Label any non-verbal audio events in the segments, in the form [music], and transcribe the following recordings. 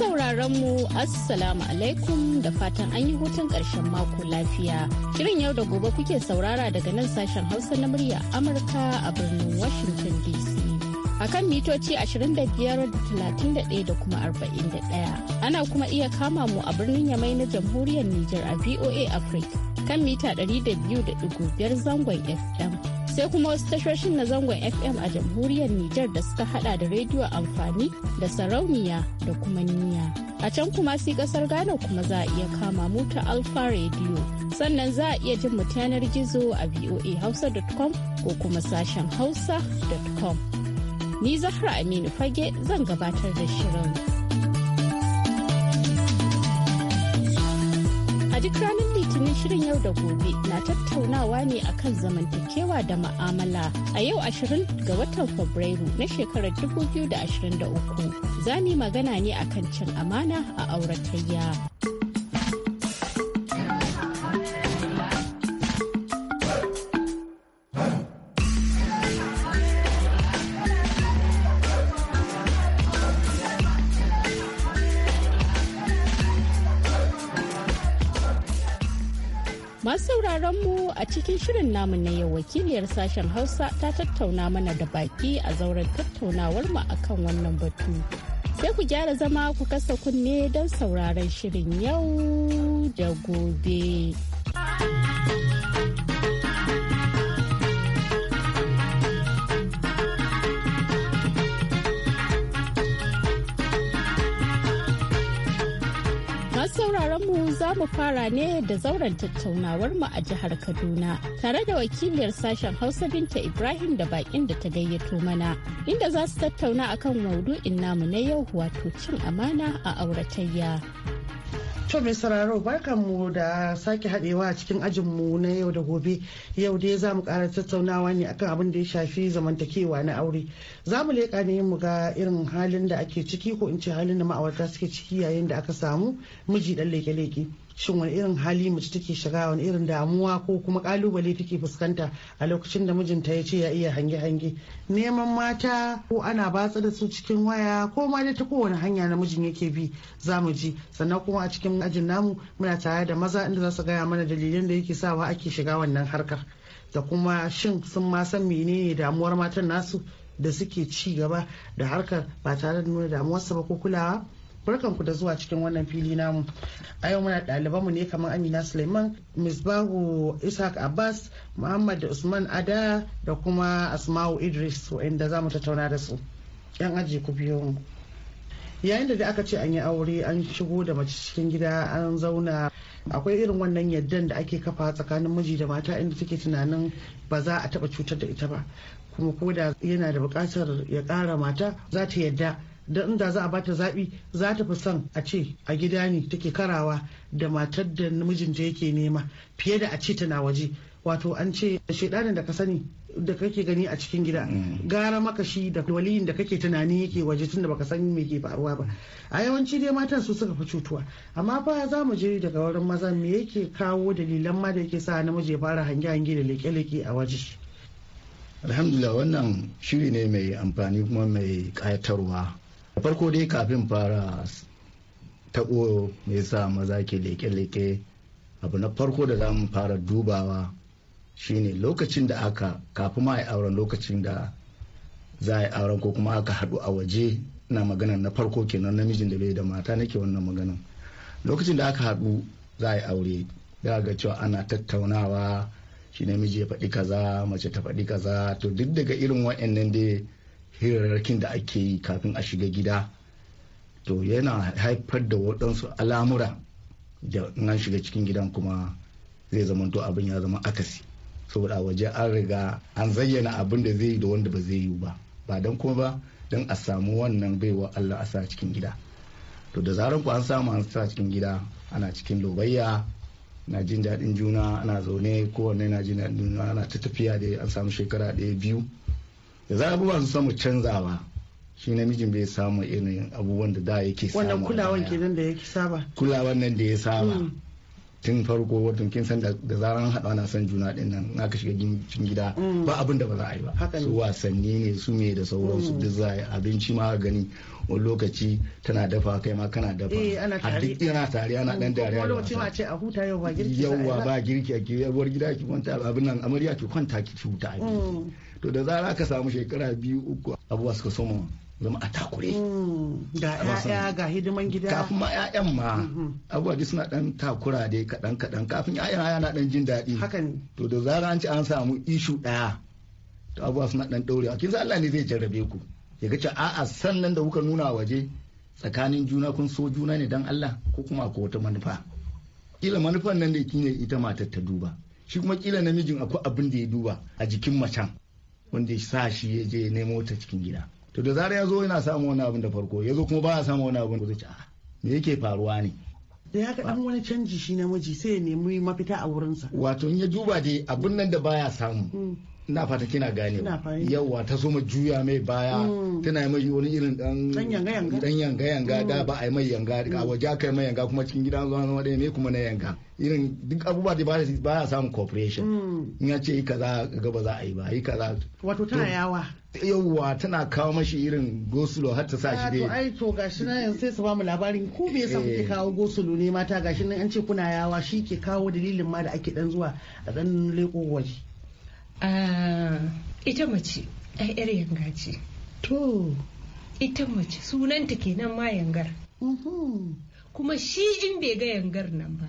sauraron mu assalamu alaikum da fatan an yi hutun ƙarshen mako lafiya. Shirin yau da gobe kuke saurara daga nan sashen Hausa na murya Amurka a birnin Washington DC. a kan mitoci 25,31 da kuma 41. Ana kuma iya kama mu a birnin Yamai na jamhuriyar Nijar a VOA Africa kan mita 200.5 zangon FM. sai kuma wasu tashoshin na zangon fm a jamhuriyar nijar da suka hada da rediyo amfani da sarauniya da kuma niya a can kuma si kasar ghana kuma za a iya kama muta alfa rediyo sannan za a iya jin mu yanar gizo a voahausa.com ko kuma sashen hausa.com ni zahra aminu fage zan gabatar da shirin a duk ranar litinin shirin yau da gobe na tattaunawa ne akan zamantakewa da ma'amala a yau 20 ga watan fabrairu na shekarar 2023 za mu magana ne akan cin amana a auratayya. sauranmu mu a cikin shirin namu na yau wakiliyar sashen Hausa ta tattauna mana da baki a zauren tattaunawar mu akan wannan batu. Sai ku gyara zama ku kasa kunne don sauraron shirin yau da gobe. mu za mu fara ne da zauren tattaunawar mu a jihar Kaduna tare da wakiliyar sashen Hausa Binta Ibrahim da bakin da ta gayyato mana inda za su tattauna akan maudu'in namu na yau wato cin amana a auratayya. To mai sauraro barkanmu da sake haɗewa a cikin ajinmu na yau da gobe yau dai za mu ƙara tattaunawa ne akan abin da ya shafi zamantakewa na aure. Za mu leƙa ne mu ga irin halin da ake ciki ko in ce halin da ma'aurata suke ciki yayin da aka samu miji ɗan leƙe-leƙe. shin wani irin hali mace take shiga wani irin damuwa ko kuma kalubale take fuskanta a lokacin da mijinta ya ce ya iya hange-hange neman mata ko ana batsa da su cikin waya ko ma da ta kowane hanya na mijin yake bi za mu ji sannan kuma a cikin ajin namu muna tare da maza inda za su gaya mana dalilin da yake sawa ake shiga wannan harkar da kuma shin sun ma san menene damuwar matan nasu da suke ci gaba da harkar ba tare da nuna damuwarsa ba ko kulawa barkan ku da zuwa cikin wannan fili namu a yau muna ɗaliban mu ne kamar amina suleiman Ms. misbahu ishaq abbas muhammad usman ada da kuma asma'u idris inda za mu tattauna da su yan aji ku biyo mu yayin da aka ce an yi aure an shigo da mace cikin gida an zauna akwai irin wannan yaddan da ake kafa tsakanin miji da mata inda take tunanin ba za a taba cutar da ita ba kuma ko da yana da bukatar ya kara mata za ta yadda da inda za a bata zaɓi za ta fi son a ce a gida ne take karawa da matar da mijinta yake nema fiye da a ce tana waje wato an ce shaidanin da ka sani da kake gani a cikin gida mm. gara makashi da waliyin da kake tunani yake waje tunda baka san me ke faruwa ba a yawanci dai matan su suka fi cutuwa amma fa za mu je daga wurin maza me yake kawo dalilan ma da yake sa namiji ya fara hange-hange da leke-leke a waje alhamdulillah wannan shiri ne mai amfani kuma mai kayatarwa farko dai kafin fara taɓo mai sa maza ke leke-leke abu na farko da za mu fara dubawa shine lokacin da aka kafin ma a yi auren lokacin da za a yi auren ko kuma aka haɗu a waje na magana na farko kenan namijin da bai da mata nake wannan maganan lokacin da aka haɗu za a yi aure za ga cewa ana tattaunawa shi namiji ya faɗi kaza mace ta faɗi kaza to duk daga irin wa'annan dai hirarrakin da ake yi kafin a shiga gida to yana haifar da waɗansu al'amura da nan shiga cikin gidan kuma zai zama to abin ya zama akasi saboda a waje an riga an zayyana abin da zai yi da wanda ba zai yi ba ba don kuma ba don a samu wannan baiwa Allah a sa cikin gida to da zaran ku an samu an sa cikin gida ana cikin lobayya na jin daɗin juna ana zaune kowanne na jin daɗin juna ana ta tafiya da an samu shekara ɗaya biyu da za abubuwa su samu canzawa shi namijin bai samu irin abubuwan da da yake samu wannan kulawan kenan da yake saba kulawan nan da ya saba hmm. tun farko watan kin san da zaran haɗa na san juna din nan na ka shiga cikin gida hmm. ba abin da ba za a yi ba su wasanni ne su me da sauransu hmm. duk za a yi abinci ma gani wani lokaci tana dafa kai ma kana dafa eh, a duk yana tare ana dan dariya a lokaci ma ce a huta yau ba girki yau ba girki a yawar gida ki kwanta abin nan amarya ki kwanta ki huta a to da zara ka samu shekara biyu uku abubuwa suka soma zama a takure mm, ga ya'ya ga hidiman gida kafin ma ya'yan ma mm-hmm. abubuwa duk suna dan takura dai kadan kadan kafin ya'yan na dan jin daɗi haka ne to da zara an ci an samu ishu daya to abubuwa suna dan A kin san Allah ne zai jarrabe ku ya ga cewa a'a sannan da kuka nuna waje tsakanin juna kun so juna ne dan Allah ko kuma akwai wata manufa kila manufan nan da kine ita matar ta duba shi kuma kila namijin akwai abin da ya duba a jikin macen wanda ya sa shi ya je nemo ta cikin gida to da zarar ya zo yana samun wani abin da farko ya zo kuma ba ya samun wani abin da zai a me yake faruwa ne da ya dan wani canji shi namiji sai ya nemi mafita a wurinsa wato in ya duba dai abin nan da baya samu hmm. na fata kina gane yauwa ta zo ma juya mai baya mm. tana mai wani irin dan yanga yanga da mm. ba a yi mai yanga mm. a waje aka yi mai yanga kuma cikin gidan zuwa zama ɗaya ne kuma na yanga irin duk abubuwa da ba ya samun cooperation in ya ce yi kaza ga ba za a yi ba yi kaza wato tana yawa yauwa tana kawo mashi irin gosulo har ta sa shi ah, dai ai to gashi nan yanzu sai su ba mu labarin ku me yasa kuke eh. kawo gosulo ne mata gashi nan an ce kuna yawa shi ke kawo dalilin ma da ake dan zuwa a dan leko waje Ah, ita mace yar yanga ce to ita mace sunanta kenan ma yangar kuma shi in bai ga yangar nan ba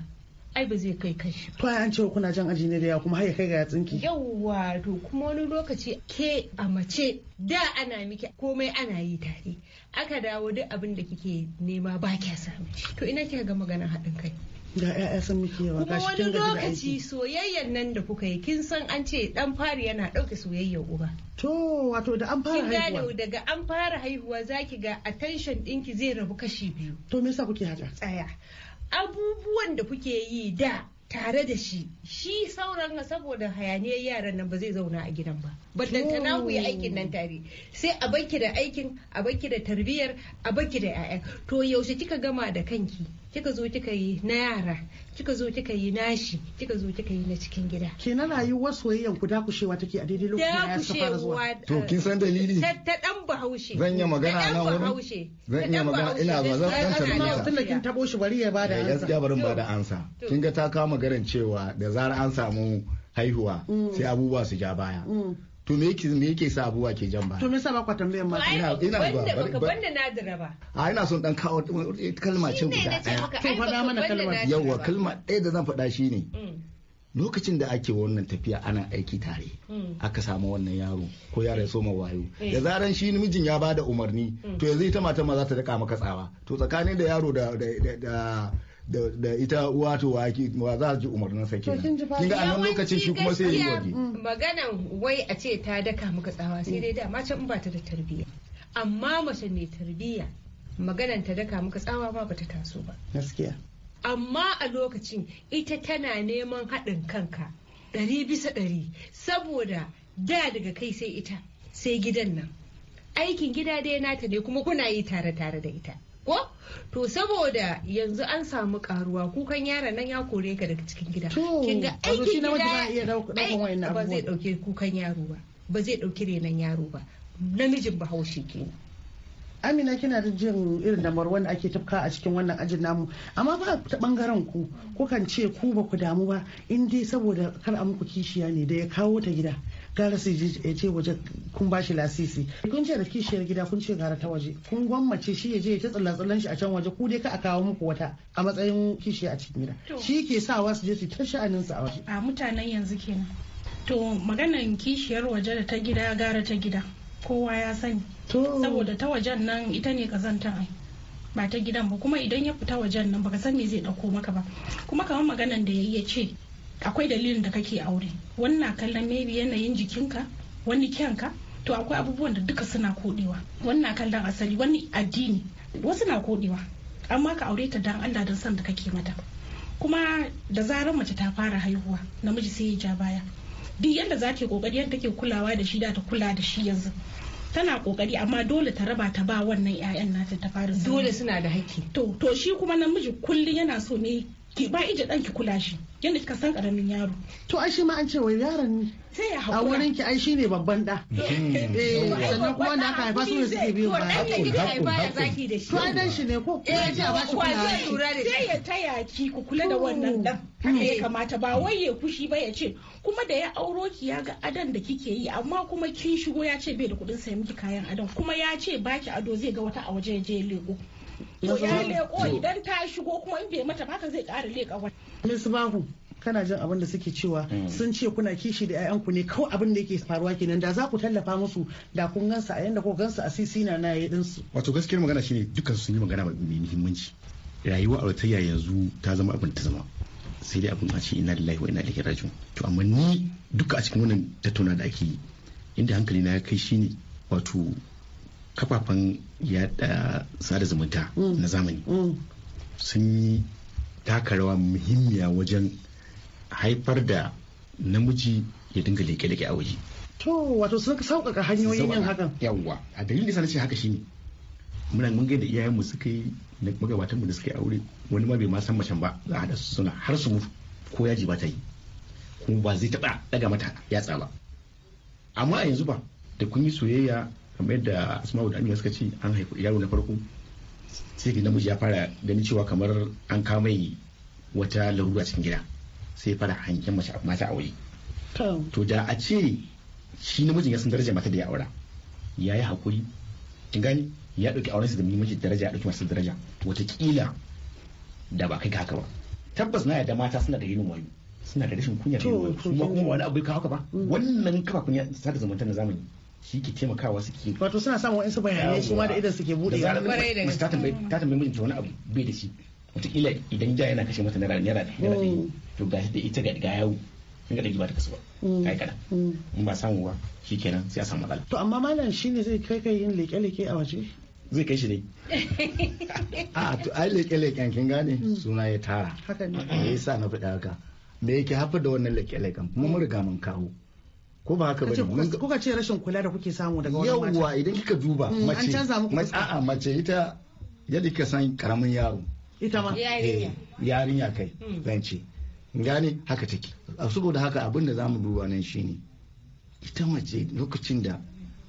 ai ba zai kai kashi to an ce kuna jan aji ne da ya kuma har kai ga yatsinki yawwa to kuma wani lokaci ke a mace da ana miki komai ana yi tare aka dawo duk abin da kike nema ba kya samu to ina kika ga maganar haɗin kai da sun muke yawa kuma wani lokaci soyayyar nan da kuka yi kin san an ce dan fari yana ɗauke soyayyar uba to wato da an fara haihuwa kin daga an fara haihuwa zaki ga attention ɗinki zai rabu kashi biyu to me yasa kuke haka tsaya abubuwan da kuke yi da tare da shi shi sauran saboda hayaniyar yaran nan ba zai zauna a gidan ba ballantana ku yi aikin nan tare sai a baki da aikin a baki da tarbiyyar a baki da 'ya'ya to yaushe kika gama da kanki kika zo kika yi na yara kika zo kika yi nashi kika zo kika yi na cikin gida yi rayuwar soyayyar ku dakushewa take a daidai lokacin da ya fara zuwa to kin san dalili ta dan bahaushe zan yi magana nan wurin zan yi magana ina ba zan san tarbiyya tunda kin tabo shi bari ya bada eh, ansa gaskiya barin bada ansa kin ga ta kama garan cewa da zara an samu haihuwa mm. sai abubuwa su ja baya mm. to me yake me yake sa abubuwa ke jan baya to me yasa ba ku tambayan ma ina ina ba banda nadira ba a ina son dan kawo kalma ce guda daya kai faɗa mana kalma yawa kalma ɗaya da zan faɗa shi ne. Mm. lokacin da ake wannan tafiya ana aiki tare aka samu wannan yaro ko yaro ya soma wayo eh. da zaran shi mijin ya bada umarni to yanzu ita mata ma za ta daka maka tsawa to tsakanin da yaro da da ita uwa to wa za ji umarnin kin ga anan lokacin shi kuma sai yi mm. magana wai a ce ta daka muka tsawa sai dai da mace in ba ta da tarbiyya amma mace mai tarbiyya maganan ta daka muka tsawa ba ba ta taso ba gaskiya amma a lokacin ita tana neman haɗin kanka ɗari bisa ɗari saboda da daga kai sai ita sai gidan nan aikin gida dai nata ne kuma kuna yi tare tare da ita ko to saboda yanzu an samu karuwa kukan yaron nan ya kore ka daga cikin gida kin ga aikin gida ba zai dauke kukan yaro ba ba zai dauki yaro ba namijin bahaushe kenan amina kina da jin irin damar wanda ake tafka a cikin wannan ajin namu amma ba ta bangaren ku kukan ce ku ba ku damu ba in dai saboda kar a muku kishiya ne da ya kawo ta gida gara su ya eh, ce waje kun ba shi lasisi kun ce da kishiyar gida kun ce gara ta waje kun gwammace shi ya je ya ta tsallan tsallan shi a can waje ku dai ka a kawo muku wata a matsayin kishiya a cikin gida shi ke sawa su je su ta sha'anin su a waje a mutanen yanzu kenan to maganan kishiyar waje da ta gida gara ta gida kowa ya sani saboda ta wajen nan ita ne kazanta ai ba ta gidan ba kuma idan ya fita wajen nan baka san me zai dauko maka ba kuma kamar maganan da yayi ya ce akwai dalilin da kake aure wannan kallon maybe yanayin jikinka wani kyanka to akwai abubuwan da duka suna kodewa wannan kallon asali wani addini wasu na kodewa amma ka aure ta dan Allah don san da kake mata kuma da zarar mace ta fara haihuwa namiji sai ya ja baya duk yadda za ta kokari yadda take kulawa da shi da ta kula da shi yanzu tana kokari amma dole ta raba ta ba wannan 'ya'yan nata ta fara dole suna da hakki. to to shi kuma namiji kullum yana so ne ki ba ije dan ki kula shi yanda kika san karamin yaro to ai shi ma an ce wai yaron sai ya hakura a wurin ki ai shine babban da hmm. eh sannan kuma na aka haifa su ne suke biyu ba dan haifa ya zaki da shi to ai dan shi ne ko eh ji a ba shi kula sai ya taya ki ku kula da hmm. wannan dan haka ya hmm. kamata ba wai ya kushi ba ya ce kuma da ya auro ki ya ga adan da kike yi amma kuma kin shigo ya ce bai da kudin sayan miki kayan adan kuma ya ce baki ado zai ga wata a waje ya je lego ya leko idan ta shigo kuma in bai mata baka zai ƙara leka wani. Miss Bahu kana jin abin da suke cewa mm. sun ce kuna kishi da 'ya'yanku ne kawai abin da yake faruwa kenan da za ku tallafa musu da kun gansu a yanda ko gansu a sisi na na din su wato gaskiyar magana shine dukkan sun yi magana mai muhimmanci rayuwa a wata yanzu ta zama abin ta zama sai dai abin a ce ina da wa ina da raji'un to amma ni duka a cikin wannan tattauna da ake yi inda hankali na ya kai shine wato kafafen yada sada zumunta mm. na zamani mm. sun yi taka rawa muhimmiya wajen haifar da namiji ya dinga leke-leke a waje to wato sun sauƙaƙa hanyoyin yin hakan yawwa a dalilin da ce haka shine muna mun ga da iyayen mu suka yi magabatan mu da suka yi aure wani ma bai ma san macen ba za a suna har su mutu ko yaji ba ta yi kuma ba zai taɓa daga mata Ya ba amma a yanzu ba da kun yi soyayya kamar yadda asma'u da amina suka ce an haifi yaro na farko sai ga namiji ya fara ganin cewa kamar an kama wata larura cikin gida sai fara hangen mace mata a waje to da a ce shi namijin ya san daraja mata da ya aura ya yi haƙuri kin gani ya ɗauki auren su da muhimmanci daraja ya ɗauki masu daraja wataƙila da ba kai ga haka ba tabbas na yadda mata suna da yin wayo suna da rashin kunya da yin wayo kuma wani abu ka haka ba mm. wannan kafafun ka zumunta na zamani shi ke taimakawa suke wato suna samun wa'ansu bayanai shi ma da idan suke bude da ta tambayi mijinta wani abu bai da shi wataƙila idan ja yana kashe mata naira naira naira to ga da ita ga yawo in ga ɗari ba ta kasu kai mm. kada mm. in ba samu ba shi kenan sai a samu matsala to amma malam ne zai kai kai yin leƙe-leƙe a waje zai kai shi ne [laughs] a to ai leƙe-leƙen kin gane mm. suna ya tara haka ne ya sa na faɗa haka me yake haifar da wannan leƙe-leƙen kuma mun riga mun kawo ko ba haka bane kuka ce rashin kula da kuke samu daga wannan mata yawwa idan kika duba mm, mace an canza muku mace a'a mace ita yadda kika san karamin yaro ita ma yarinya eh, yarinya kai mm. zan ce gane haka take saboda haka abin da zamu duba nan shine ita mace lokacin da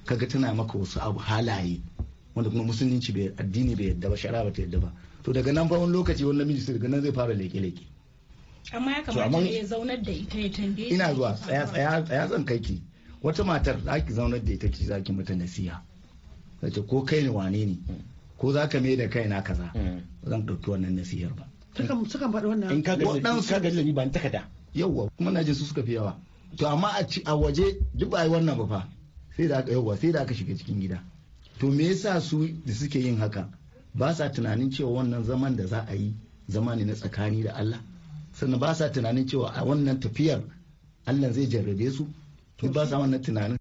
kaga tana maka wasu abu halaye wanda kuma musulunci bai addini bai yadda ba shari'a ba ta yadda ba to daga nan fa wani lokaci wani namiji daga nan zai fara leke leke amma ya kamata ya zaunar da ita ya tambaye ina zuwa tsaya zan kai ki wata matar za ki zaunar da ita ki za ki mata nasiha zace ko kai ne wane ne ko za ka mai da kai na kaza hmm. zan ɗauki wannan nasihar ba sukan faɗi wannan in ka gani ba takada yawwa kuma na jin su suka fi yawa to amma a waje duk ba wannan ba fa sai da aka yawwa sai da aka shiga cikin gida to me yasa su da suke yin haka ba sa tunanin cewa wannan zaman da za a yi zama ne na tsakani da Allah sannan ba sa tunanin cewa a wannan tafiyar allah zai jarrabe su to ba sa wannan tunanin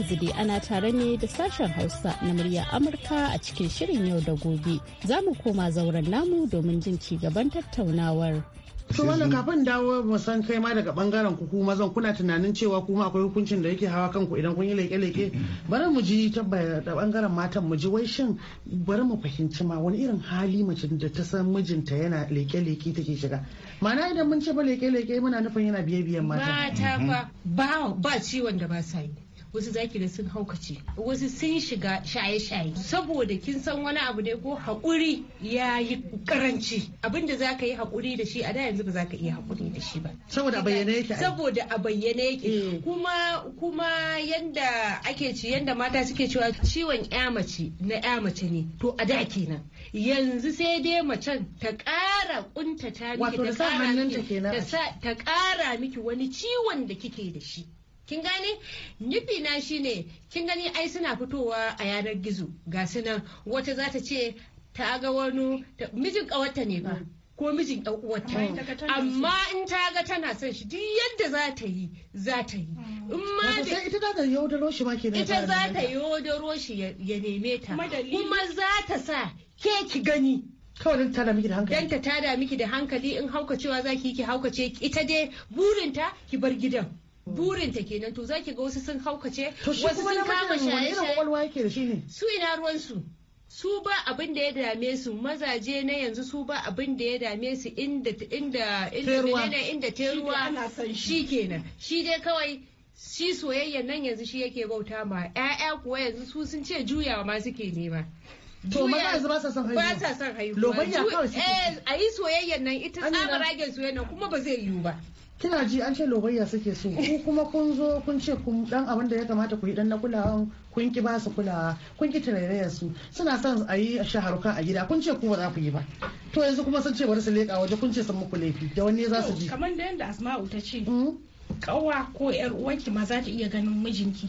yanzu dai ana tare ne da sashen Hausa na murya Amurka a cikin shirin yau da gobe. Za mu koma zauren namu domin jin ci gaban tattaunawar. to wannan kafin dawo mu san kai ma daga bangaren ku kuma zan kuna tunanin cewa kuma akwai hukuncin da yake hawa kanku idan kun yi leke-leke bari mu ji da bangaren matan mu ji wai shin bari mu fahimci ma wani irin hali mace da ta san mijinta yana leke-leke take shiga ma'ana idan mun ce ba leke-leke muna nufin yana biye-biyen mata ta ba ba ciwon da ba sa yi wasu zaki da sun haukace wasu sun shiga shaye-shaye saboda kin san wani abu ne ko haƙuri ya yi karanci abinda za ka yi haƙuri da shi a da yanzu ba za ka iya haƙuri da shi ba saboda a bayyana yake saboda a bayyana yake eh. kuma kuma yanda ake ci yanda mata suke cewa ciwon ya mace na ya mace ne to a da kenan yanzu sai dai macen ta ƙara kuntata miki ta ƙara miki wani ciwon da kike da shi kin gane nufi na shine kin gani ai suna fitowa a yanar gizo ga sunan wata za ta ce ta ga wani mijin kawarta ne ba ko mijin ɗan ne amma in ta ga tana son shi duk yadda za ta yi za ta yi mm. in ita za ta yaudaro shi ma kenan ita za ta yaudaro shi ya neme ta kuma za ta sa ke ki gani kawai ta tada miki da hankali Danta ta tada miki da hankali in cewa za ki yi ki hauka ce ita dai burinta ki bar gidan burin ta kenan to zaki ga wasu sun haukace wasu sun kama shaye-shaye su ina ruwan su su ba abin da ya dame su mazaje na yanzu su ba abin da ya dame su inda inda inda inda teruwa shi kenan shi dai kawai shi soyayyan nan yanzu shi yake bauta ma ƴaƴa kuwa yanzu su sun ce juyawa ma suke nema To maza ba sa son haihuwa. Ba sa son haihuwa. Lobanya kawai su Eh, a yi soyayyan nan ita ragen soyayyan nan kuma ba zai yiwu ba. kina ji an ce logayya suke so ku kuma kun zo kun ce kun dan abin da ya kamata ku yi dan na kulawa kun ki ba su kulawa kun ki tarayya su suna son a yi shaharuka a gida kun ce ku ba za ku yi ba to yanzu kuma sun ce bari su leka waje kun ce sun muku laifi da wani za su ji kamar da yanda asma'u ta ce kawa hmm? ko yar uwanki ma za ta iya ganin mijinki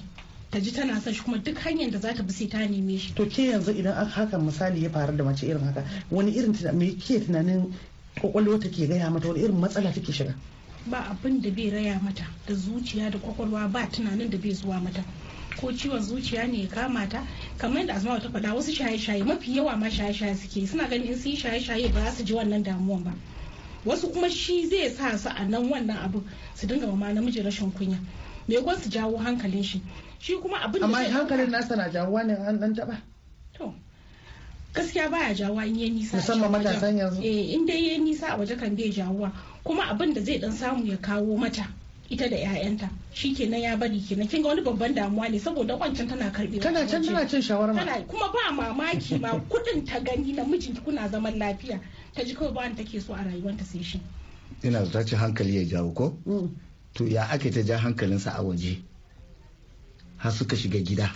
ta ji tana son shi kuma duk hanyar da za ta bi sai ta neme shi to ke yanzu idan aka haka misali ya faru da mace irin haka wani irin me ke tunanin kwakwalwa take gaya mata wani irin matsala take shiga ba abin da bai raya mata da zuciya da kwakwalwa ba tunanin da bai zuwa mata ko ciwon zuciya ne ya kama ta kamar yadda asma ta faɗa wasu shaye-shaye mafi yawa ma shaye-shaye suke suna ganin in su yi shaye-shaye ba za su ji wannan damuwan ba wasu kuma shi zai sa su a nan wannan abu su dinga ma namiji rashin kunya me kwan su jawo hankalin shi shi kuma abin da amma hankalin nasa na jawo ne an dan taba gaskiya baya jawa in ya nisa musamman matasan yanzu eh in dai ya nisa a waje kan bai jawuwa kuma abin da zai dan samu ya kawo mata ita da 'ya'yanta shi kenan ya bari kenan kinga wani babban damuwa ne saboda kwancin tana karbe tana can tana cin shawara tana kuma ba mamaki ma [laughs] kudin ta gani na mijin kuna zaman lafiya ta ji kawai ba take so a rayuwanta sai shi ina zata ci hankali ya jawo ko mm. to ya ake ta ja hankalinsa a waje har suka shiga gida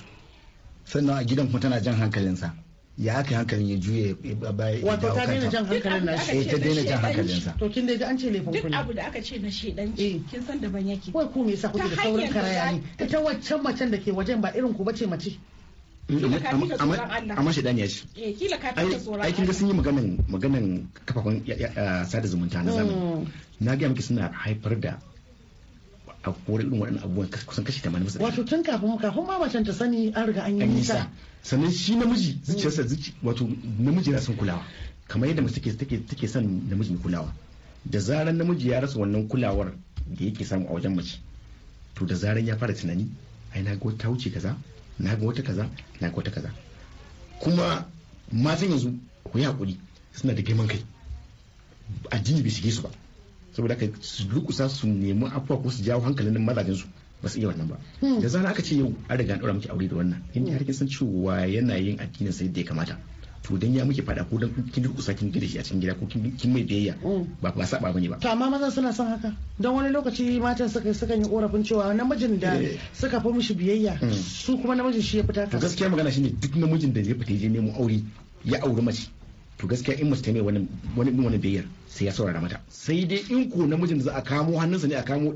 sannan a gidan kuma tana jan hankalinsa ya haka hankalin ya juye baya wato ta daina jan hankalin eh, na shi ta daina jan hankalin sa to kin dai an ce laifin kuna duk abu da aka ce na shedanci eh. kin san da ban yake wai ku me yasa kuke da saurin karaya ne ta waccan macen da ke wajen ba irin ku bace mace mm, amma shedani ya ce eh, aikin da sun yi maganan kafafen sada zumunta na zamani mm. na gaya miki suna haifar da a kore ɗin waɗannan abubuwan kusan kashi 80 wato tun kafin kafin ma macen ta sani an riga an yi nisa sannan shi namiji zuciyarsa wato namiji yana son kulawa kamar yadda mace take take son namiji mai kulawa da zaran namiji ya rasa wannan kulawar da yake samu a wajen mace to da zaran ya fara tunani ai na ga wata wuce kaza na ga wata kaza na ga wata kaza kuma matan yanzu ku yi hakuri suna da girman kai addini bai shige su ba saboda ka su lukusa su nemi afuwa ko su jawo hankalin mazajen su ba su iya wannan ba hmm. da zana aka ce yau an riga an dora miki aure da wannan in hmm. har kin san cewa yana yin addinin sai da ya kamata to dan ya muke fada ko dan kin lukusa kin gida shi a cikin gida ko kin mai biyayya hmm. ba ba saba bane ba to amma mazan suna son haka don wani lokaci matan suka suka yi korafin cewa namijin da eh. suka fi mishi biyayya su kuma namijin shi ya fita ka gaskiya magana shine duk namijin da ya fita je nemo aure ya auri mace to gaskiya in mace ta wani wani biyayyar sai ya saurara mata sai dai in ko namijin da za a kamo hannunsa ne a kamo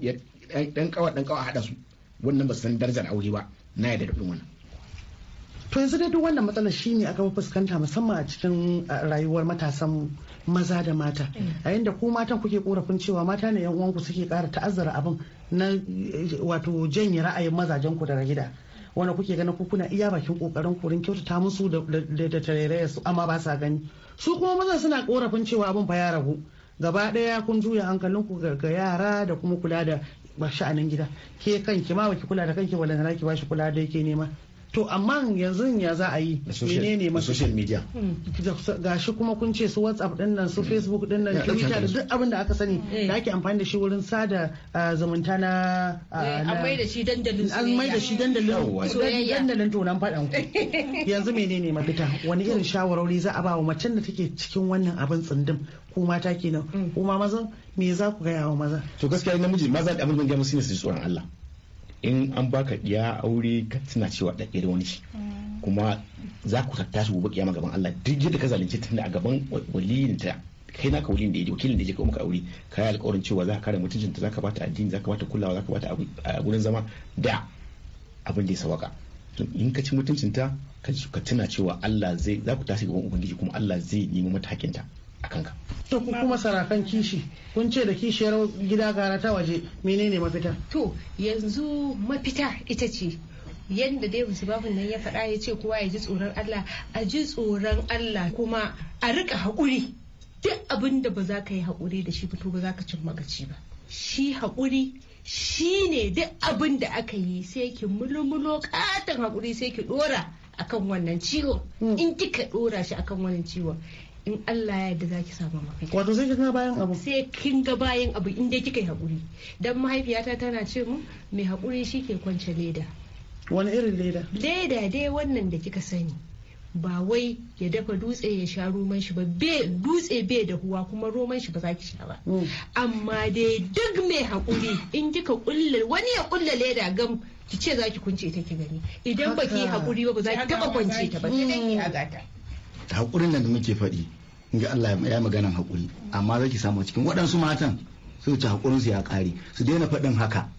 dan kawa dan kawa hada su wannan ba san darajar aure ba na yadda da wannan to yanzu dai duk wannan matsalar shi ne aka fuskanta musamman a cikin rayuwar matasan maza da mata mm. a yadda ku matan kuke korafin cewa mata ne yan uwanku suke kara ta'azzara abin na wato janye ra'ayin mazajen ku daga gida wanda kuke ganin ku kuna iya bakin kokarin kurin kyautata musu da da tarairaya su amma ba sa gani su kuma maza suna korafin cewa abin fa ya ragu gaba daya kun juya hankalinku ga yara da kuma kula da sha'anin gida ke kanki ma baki kula da kanki wala na ki bashi kula da yake nema to amma yanzu ya za a yi menene masu social media hmm. gashi kuma kun ce su whatsapp din nan su hmm. facebook din nan twitter da duk abin da aka sani hmm. eh. da ake amfani da shi wurin sada zumunta na eh, an mai da shi dandalin an mai da shi dandalin tonan faɗan [laughs] yanzu menene mafita wani irin shawarwari za a ba wa macen da take cikin wannan abin tsindin ko mata kenan ko ma mazan me za ku gaya wa maza to gaskiya namiji maza da abin gaya musu ne su tsoron Allah in an baka ya aure ka tana cewa ɗaɗɗe da wani shi mm. kuma za ku tattashi gobe kiyama gaban Allah duk yadda ka zalunce tunda a gaban ta kai naka wulin da ya wakilin da ya kawo maka aure ka yi alƙawarin cewa za ka kare mutuncin ta za ka bata addini za ka bata kulawa za ka bata a gurin zama da abin da ya sawaka in ka ci mutuncin ta ka tuna cewa Allah zai za ku tashi gaban ubangiji kuma Allah zai nemi mata hakinta a kanka to kuma sarakan kishi kun ce da kishiyar gida gara ta waje menene mafita to yanzu mafita ita ce yadda dai bafin nan ya faɗa ya ce kowa ya ji tsoron Allah a ji tsoron Allah kuma a rika haƙuri duk abin da ba za ka yi haƙuri da shi ba to ba za ka cin magaci ba shi haƙuri shi ne duk abin da aka yi sai ki mulmulo katon haƙuri sai ki ɗora akan wannan ciwon mm. in kika ɗora shi akan wannan ciwon in Allah ya yarda zaki samu mafita wato sai kin ga bayan abu sai kin bayan abu in dai kika yi hakuri dan mahaifiyata tana ce mu mai hakuri ke kwance leda wani irin leda leda dai wannan da kika sani ba wai ya dafa dutse ya sha roman shi ba dutse be da huwa kuma roman shi ba za sha ba mm. amma dai duk mai hakuri in kika kulle wani ya kulle leda gam ki ce za ki kunce ta ki gani idan baki hakuri ba ba za ki taba kwance ta ba ki dan a haƙurin nan da muke faɗi in ga Allah ya maganan haƙuri amma zaki samu cikin waɗansu matan su ci haƙurin su ya ƙare su daina faɗin haka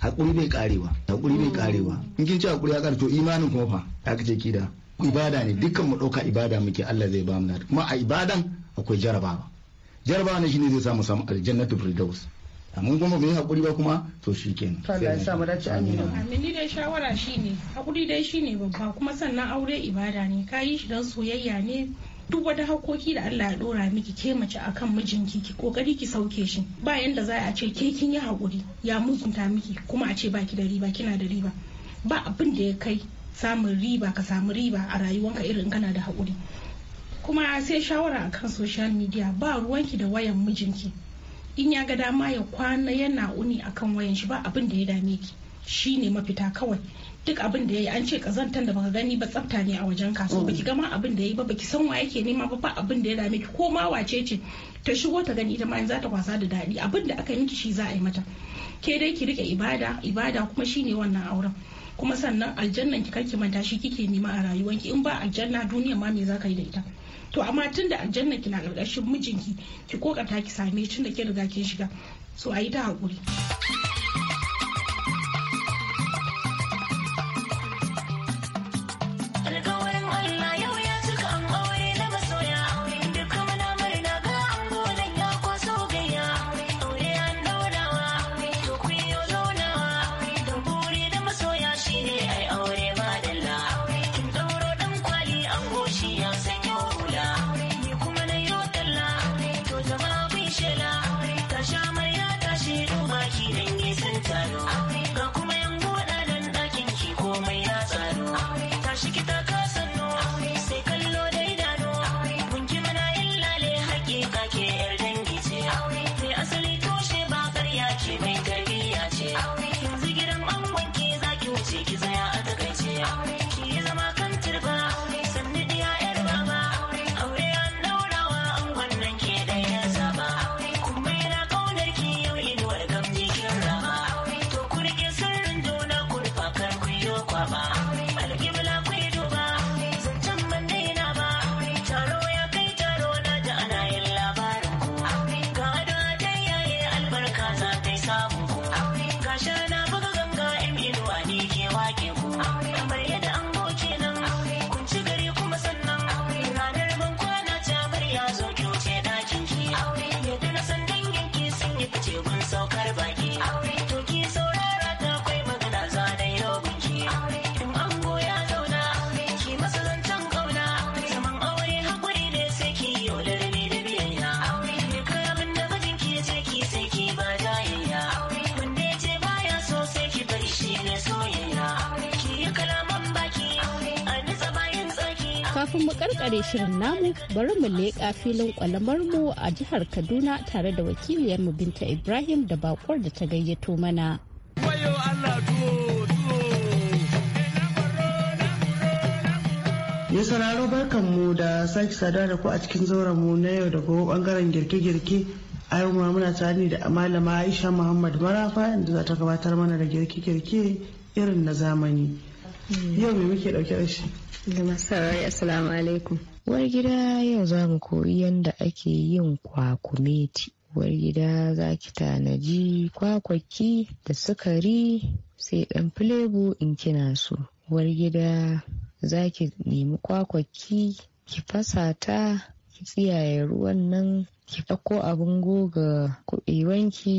haƙuri bai ƙarewa haƙuri bai ƙarewa in kin ci haƙuri ya ƙare to imanin kuma fa ya kace kida ibada ne dukkan mu ɗauka ibada muke Allah zai ba mu kuma a ibadan akwai jarabawa jarabawa ne shine zai samu samu aljannatu firdaus mun goma mai hakuri ba kuma to shi kenan Allah ya sa mu dace amina amin dai shawara shine hakuri dai shine babba kuma sannan aure ibada ne ka yi shi don soyayya ne duk wata hakoki da Allah ya ɗora miki ke mace akan mijinki ki kokari ki sauke shi ba yanda za a ce ke kin yi hakuri ya mutunta miki kuma a ce baki da riba kina da riba ba abin da ya kai samun riba ka samu riba a rayuwanka irin kana da hakuri kuma sai shawara akan social media ba ruwanki da wayan mijinki in ya ga dama ya kwana yana uni akan wayan shi ba abin da ya dame ki shi ne mafita kawai duk abin da ya yi an ce kazantar da baka gani ba tsafta ne a wajen kasuwa baki gama abin da ya yi ba baki san wa yake nema ba ba abin da ya dame ki ko ma wace ce ta shigo ta gani ita ma za ta kwasa da dadi abin da aka yi miki shi za a yi mata ke dai ki rike ibada ibada kuma shi ne wannan auren kuma sannan aljannan ki ki manta shi kike nema a rayuwanki in ba aljanna duniya ma me za ka yi da ita to amma tun da aljanna kina ƙarƙashin mijinki ki kokata ki same tun da ki riga kin shiga so ayi ta hakuri. kafin mu karkare shirin namu bari mu leƙa filin kwalamar mu a jihar Kaduna tare da wakiliyar mu Binta Ibrahim da bakwar da ta gayyato mana. Mai sauraro mu da sake sadar da ku a cikin zauren mu na yau da gobe bangaren girke-girke a yau ma muna tare da malama Aisha Muhammad Marafa da za ta gabatar mana da girke-girke irin na zamani. Yau mai muke dauke da shi? Masarari Assalamu alaikum. Uwar gida yau za mu koyi yadda ake yin kwakumeti. Uwar gida za ki tanaji kwakwaki da sukari sai ɗan filebo in kina so. Uwar gida za ki nemi kwakwaki ki fasa ta ki tsiyaye ruwan nan ki ɗauko abin goga kuɗi wanki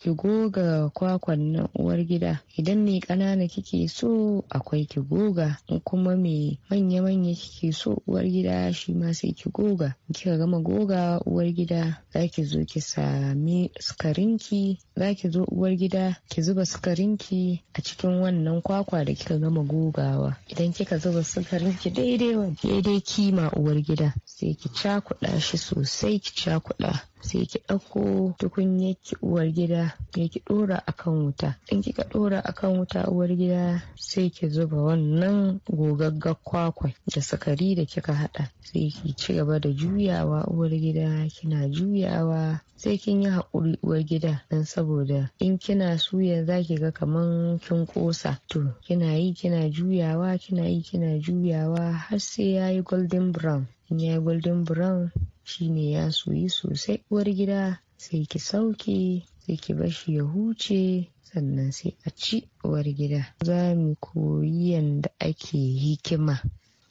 ki goga kwakwan na uwar gida idan mai ƙanana kike so akwai ki goga kuma mai manya-manya kike so uwar gida shi ma sai ki goga kika gama goga uwar gida za ki zo ki sami sukarinki za ki zo uwar gida ki zuba sukarinki a cikin wannan kwakwa da kika gama gogawa idan kika zuba sukarinki daidai daidai kima uwar gida sai ki cakuɗa shi sosai ki cakuɗa sai ki ɗauko tukunyar ki uwar gida ya ki ɗora akan wuta in kika ɗora akan wuta uwar gida sai ki zuba wannan gogaggar kwakwai da sakari da kika haɗa sai ki ci gaba da juyawa uwar gida kina juyawa sai kin yi haƙuri uwar gida don saboda in kina suya za ki ga kaman kin ƙosa to kina yi kina juyawa kina yi kina juyawa har sai ya yi golden brown in ya golden brown shine ya soyi sosai uwar gida sai ki sauke sai ki bashi ya huce sannan sai a ci uwar gida za mu koyi yadda ake hikima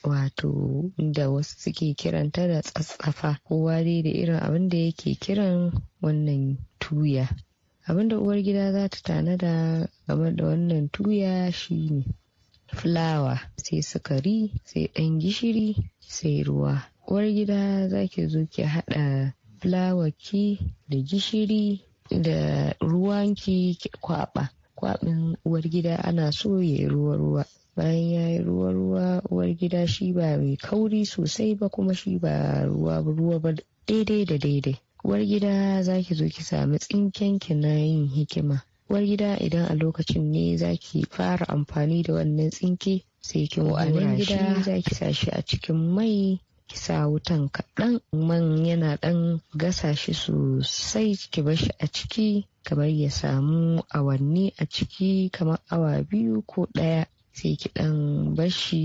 wato da wasu suke kiranta da tsatsafa kowa dai da irin abin da yake kiran wannan tuya abin da uwar gida za ta tanada game da wannan tuya shine fulawa sai sukari sai ɗan gishiri sai ruwa uwar gida za zo ki haɗa fulawarki da gishiri da ruwanki ki kwaɓa kwaɓin uwar gida ana so ya yi ruwa-ruwa bayan ya yi ruwa-ruwa uwar gida shi ba mai kauri sosai ba kuma shi ba ruwa-ruwa ba daidai da daidai uwar gida za zo ki sami tsinkenki na yin hikima uwar gida idan a lokacin ne zaki fara amfani da wannan tsinke sai ki wa'anin gida za ki sa shi a cikin mai Kisa wutan kaɗan man yana ɗan gasa shi sosai ki bar shi a ciki kamar ya samu awanni a ciki kamar awa biyu ko ɗaya sai ki ɗan bashi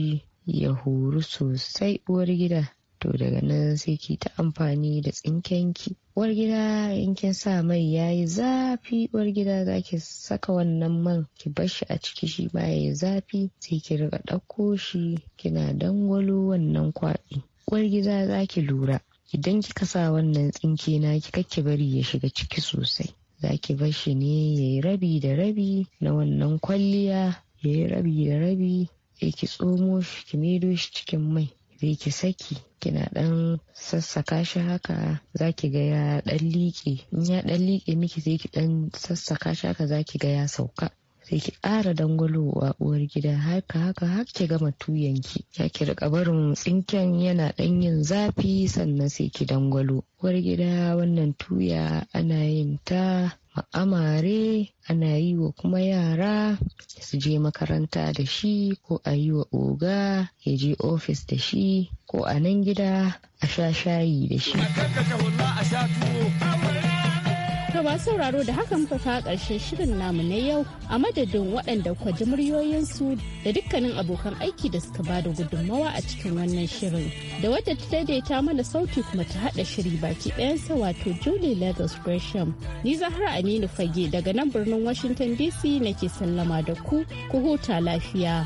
ya horu sosai uwar gida to daga nan sai ki ta amfani da tsinkenki uwar gida in kin sa mai yayi zafi uwar gida za ki saka wannan man ki bashi a ciki shi ma yayi zafi sai ki riga ɗauko shi kina dangwalo wannan kwaɗi uwar gida za ki lura idan kika sa wannan tsinke na ki bari ya shiga ciki sosai za ki bar shi ne ya yi rabi da rabi na wannan kwalliya ya yi rabi da rabi ya ki tsomo shi ki maido shi cikin mai zai ki saki kina dan sassaka shi haka za ki ga ya dan liƙe in ya dan liƙe miki zai ki dan sassaka shi haka za ki ga ya sauka sai ki ƙara dangwalowa uwar gida haka haka har ki gama tuyanki ya ki rika barin tsinken yana ɗan yin zafi sannan sai ki dangwalo uwar gida wannan tuya ana yin ta ma'amare ana yi wa kuma yara su je makaranta da shi ko a yi wa oga ya je ofis da shi ko a nan gida a sha shayi da shi masu sauraro da haka fafa shirin namu na yau a madadin waɗanda kwa ji muryoyinsu da dukkanin abokan aiki da suka bada gudunmawa a cikin wannan shirin da wadda ta daidaita mana sauti kuma ta haɗa shiri baki ɗayansa wato Julie Lagos Gresham. Ni Zahra Aminu Fage daga nan birnin Washington DC nake sallama da ku ku huta lafiya.